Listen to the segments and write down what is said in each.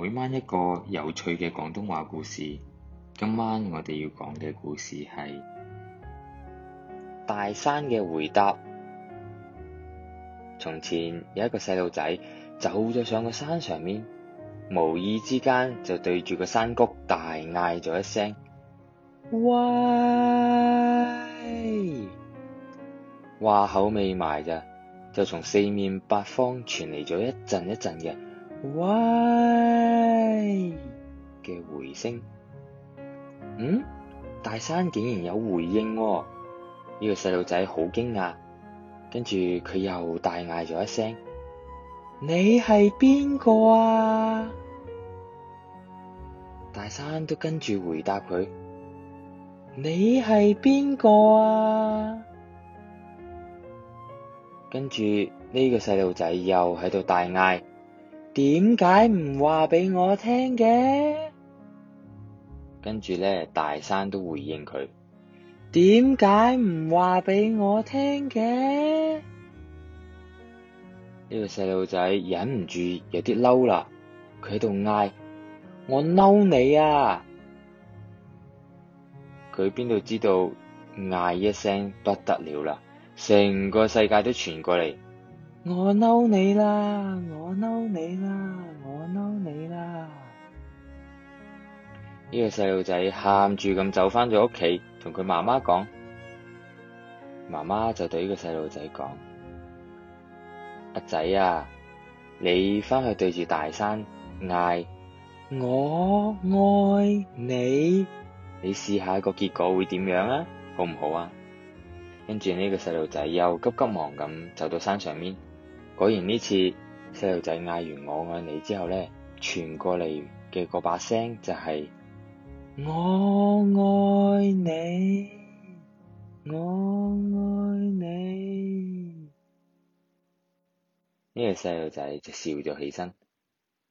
每晚一個有趣嘅廣東話故事。今晚我哋要講嘅故事係大山嘅回答。從前有一個細路仔走咗上個山上面，無意之間就對住個山谷大嗌咗一聲：「喂！」話口未埋咋，就從四面八方傳嚟咗一陣一陣嘅喂嘅回聲，嗯，大山竟然有回應、哦，呢、這個細路仔好驚訝，跟住佢又大嗌咗一聲：你係邊個啊？大山都跟住回答佢：你係邊個啊？跟住呢個細路仔又喺度大嗌。點解唔話俾我聽嘅？跟住咧，大山都回應佢：點解唔話俾我聽嘅？呢個細路仔忍唔住有啲嬲啦，佢喺度嗌：我嬲你啊！佢邊度知道嗌一聲不得了啦，成個世界都傳過嚟。我嬲你啦！我嬲你啦！我嬲你啦！呢個細路仔喊住咁走返咗屋企，同佢媽媽講，媽媽就對呢個細路仔講：阿仔啊，你翻去對住大山嗌我愛你，你試下個結果會點樣啊？好唔好啊？跟住呢個細路仔又急急忙咁走到山上面。果然呢次細路仔嗌完我愛你之後呢，傳過嚟嘅嗰把聲就係我愛你，我愛你。呢個細路仔就笑咗起身，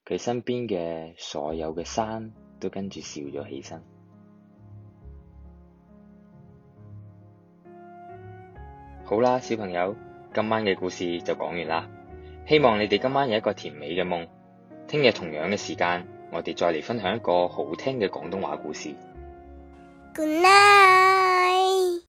佢身邊嘅所有嘅山都跟住笑咗起身。好啦，小朋友，今晚嘅故事就講完啦。希望你哋今晚有一個甜美嘅夢，聽日同樣嘅時間，我哋再嚟分享一個好聽嘅廣東話故事。Good night.